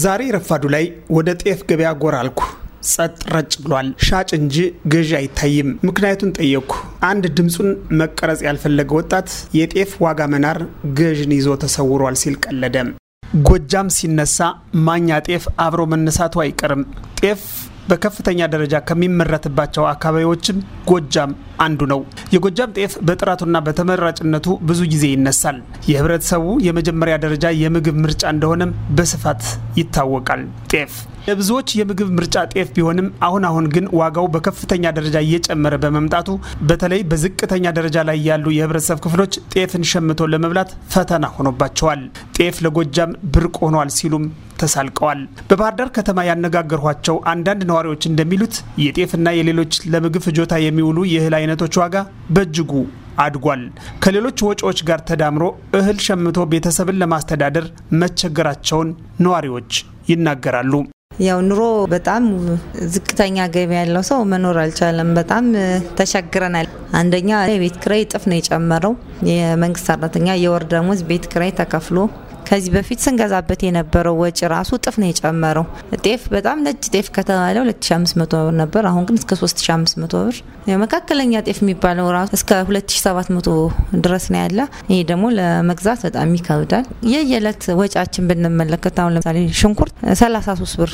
ዛሬ ረፋዱ ላይ ወደ ጤፍ ገበያ ጎራ አልኩ። ጸጥ ረጭ ብሏል። ሻጭ እንጂ ገዢ አይታይም። ምክንያቱን ጠየቅኩ። አንድ ድምፁን መቀረጽ ያልፈለገ ወጣት የጤፍ ዋጋ መናር ገዥን ይዞ ተሰውሯል ሲል ቀለደ። ጎጃም ሲነሳ ማኛ ጤፍ አብሮ መነሳቱ አይቀርም። ጤፍ በከፍተኛ ደረጃ ከሚመረትባቸው አካባቢዎችም ጎጃም አንዱ ነው። የጎጃም ጤፍ በጥራቱና በተመራጭነቱ ብዙ ጊዜ ይነሳል። የህብረተሰቡ የመጀመሪያ ደረጃ የምግብ ምርጫ እንደሆነም በስፋት ይታወቃል። ጤፍ የብዙዎች የምግብ ምርጫ ጤፍ ቢሆንም አሁን አሁን ግን ዋጋው በከፍተኛ ደረጃ እየጨመረ በመምጣቱ በተለይ በዝቅተኛ ደረጃ ላይ ያሉ የህብረተሰብ ክፍሎች ጤፍን ሸምቶ ለመብላት ፈተና ሆኖባቸዋል። ጤፍ ለጎጃም ብርቅ ሆኗል ሲሉም ተሳልቀዋል። በባህር ዳር ከተማ ያነጋገርኋቸው አንዳንድ ነዋሪዎች እንደሚሉት የጤፍና የሌሎች ለምግብ ፍጆታ የሚውሉ የእህል አይነቶች ዋጋ በእጅጉ አድጓል። ከሌሎች ወጪዎች ጋር ተዳምሮ እህል ሸምቶ ቤተሰብን ለማስተዳደር መቸገራቸውን ነዋሪዎች ይናገራሉ። ያው ኑሮ በጣም ዝቅተኛ ገቢ ያለው ሰው መኖር አልቻለም። በጣም ተሸግረናል። አንደኛ የቤት ክራይ እጥፍ ነው የጨመረው። የመንግስት ሰራተኛ የወር ደሞዝ ቤት ክራይ ተከፍሎ ከዚህ በፊት ስንገዛበት የነበረው ወጪ ራሱ እጥፍ ነው የጨመረው። ጤፍ በጣም ነጭ ጤፍ ከተባለ 2500 ብር ነበር፣ አሁን ግን እስከ 3500 ብር። መካከለኛ ጤፍ የሚባለው ራሱ እስከ 2700 ድረስ ነው ያለ። ይሄ ደግሞ ለመግዛት በጣም ይከብዳል። የየዕለት ወጪያችን ብንመለከት አሁን ለምሳሌ ሽንኩርት 33 ብር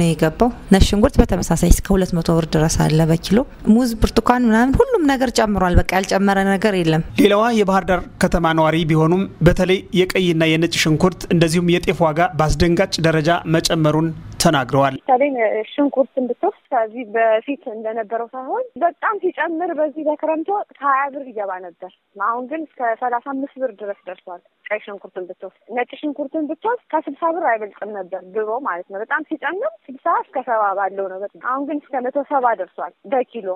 ነው የገባው። ነጭ ሽንኩርት በተመሳሳይ እስከ 200 ብር ድረስ አለ በኪሎ። ሙዝ፣ ብርቱካን ምናምን ሁሉም ነገር ጨምሯል። በቃ ያልጨመረ ነገር የለም። ሌላዋ የባህር ዳር ከተማ ነዋሪ ቢሆኑም በተለይ የቀይና የነጭ ሽንኩርት ሽንኩርት እንደዚሁም የጤፍ ዋጋ በአስደንጋጭ ደረጃ መጨመሩን ተናግረዋል። ሳሌም ሽንኩርትን ብትወስድ ከዚህ በፊት እንደነበረው ሳይሆን በጣም ሲጨምር በዚህ በክረምት ወቅት ሀያ ብር ይገባ ነበር። አሁን ግን እስከ ሰላሳ አምስት ብር ድረስ ደርሷል። ቀይ ሽንኩርትን ብትወስድ፣ ነጭ ሽንኩርትን ብትወስድ ከስልሳ ብር አይበልጥም ነበር ድሮ ማለት ነው። በጣም ሲጨምር ስልሳ እስከ ሰባ ባለው ነው። በጣም አሁን ግን እስከ መቶ ሰባ ደርሷል በኪሎ።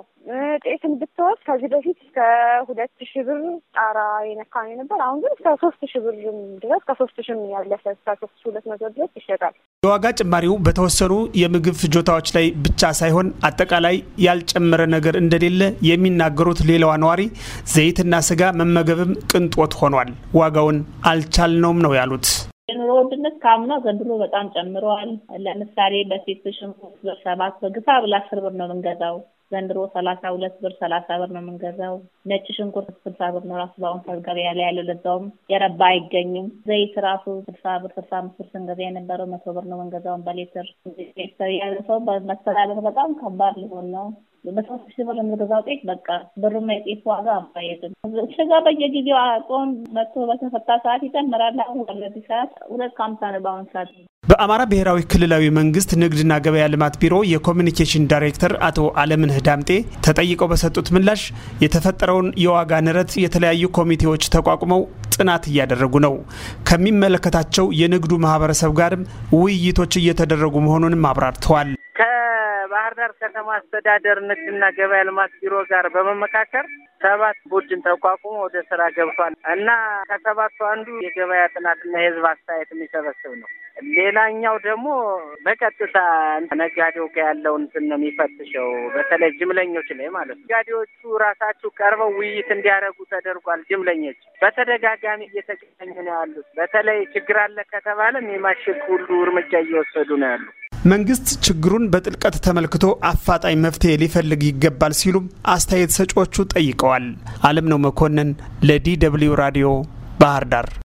ጤፍን ብትወስድ ከዚህ በፊት እስከ ሁለት ሺ ብር ጣራ የነካ ነበር። አሁን ግን እስከ ሶስት ሺ ብር ድረስ ከሶስት ሺም ያለፈ እስከ ሶስት ሺ ሁለት መቶ ድረስ ይሸጣል። የዋጋ ጭማሪው በተ በተወሰኑ የምግብ ፍጆታዎች ላይ ብቻ ሳይሆን አጠቃላይ ያልጨመረ ነገር እንደሌለ የሚናገሩት ሌላዋ ነዋሪ ዘይትና ስጋ መመገብም ቅንጦት ሆኗል፣ ዋጋውን አልቻልነውም ነው ያሉት። የኑሮ ውድነት ከአምና ዘንድሮ በጣም ጨምረዋል። ለምሳሌ በሴት ሽንኩርት በሰባት በግፋ ብላ አስር ብር ነው የምንገዛው ዘንድሮ ሰላሳ ሁለት ብር ሰላሳ ብር ነው የምንገዛው። ነጭ ሽንኩርት ስልሳ ብር ነው ራሱ በአሁን ሰዓት ገበያ ላይ ያለው። ለዛውም የረባ አይገኝም። ዘይት ራሱ ስልሳ ብር ስልሳ አምስት ብር ስንገዛ የነበረው መቶ ብር ነው የምንገዛውን በሌትር ቤተሰብ ያለ ሰው መተላለፍ በጣም ከባድ ሊሆን ነው። በሶስት ሺህ ብር የምትገዛው ጤፍ በቃ ብሩና የጤፍ ዋጋ አባየትም ስጋ በየጊዜው ጾም መቶ በተፈታ ሰዓት ይጨምራል። አሁን በዚህ ሰዓት ሁለት ከሀምሳ ነው በአሁን ሰዓት በአማራ ብሔራዊ ክልላዊ መንግስት ንግድና ገበያ ልማት ቢሮ የኮሚኒኬሽን ዳይሬክተር አቶ አለምነህ ዳምጤ ተጠይቀው በሰጡት ምላሽ የተፈጠረውን የዋጋ ንረት የተለያዩ ኮሚቴዎች ተቋቁመው ጥናት እያደረጉ ነው፣ ከሚመለከታቸው የንግዱ ማህበረሰብ ጋርም ውይይቶች እየተደረጉ መሆኑንም አብራርተዋል። ከባህር ዳር ከተማ አስተዳደር ንግድና ገበያ ልማት ቢሮ ጋር በመመካከር ሰባት ቡድን ተቋቁሞ ወደ ስራ ገብቷል እና ከሰባቱ አንዱ የገበያ ጥናትና የህዝብ አስተያየት የሚሰበስብ ነው። ሌላኛው ደግሞ በቀጥታ ነጋዴው ጋር ያለው እንትን ነው የሚፈትሸው። በተለይ ጅምለኞች ላይ ማለት ነው። ነጋዴዎቹ ራሳቸው ቀርበው ውይይት እንዲያደርጉ ተደርጓል። ጅምለኞች በተደጋጋሚ እየተገናኙ ነው ያሉት። በተለይ ችግር አለ ከተባለም የማሸግ ሁሉ እርምጃ እየወሰዱ ነው ያሉ። መንግስት ችግሩን በጥልቀት ተመልክቶ አፋጣኝ መፍትሄ ሊፈልግ ይገባል ሲሉም አስተያየት ሰጪዎቹ ጠይቀዋል። አለም ነው መኮንን ለዲ ደብልዩ ራዲዮ ባህር ዳር